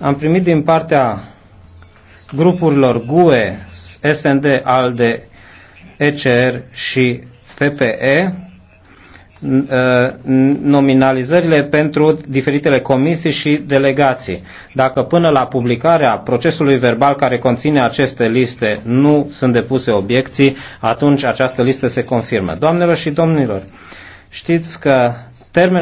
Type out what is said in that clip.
am primit din partea grupurilor GUE, SND, ALDE, ECR și PPE ă, nominalizările pentru diferitele comisii și delegații. Dacă până la publicarea procesului verbal care conține aceste liste nu sunt depuse obiecții, atunci această listă se confirmă. Doamnelor și domnilor, știți că termenul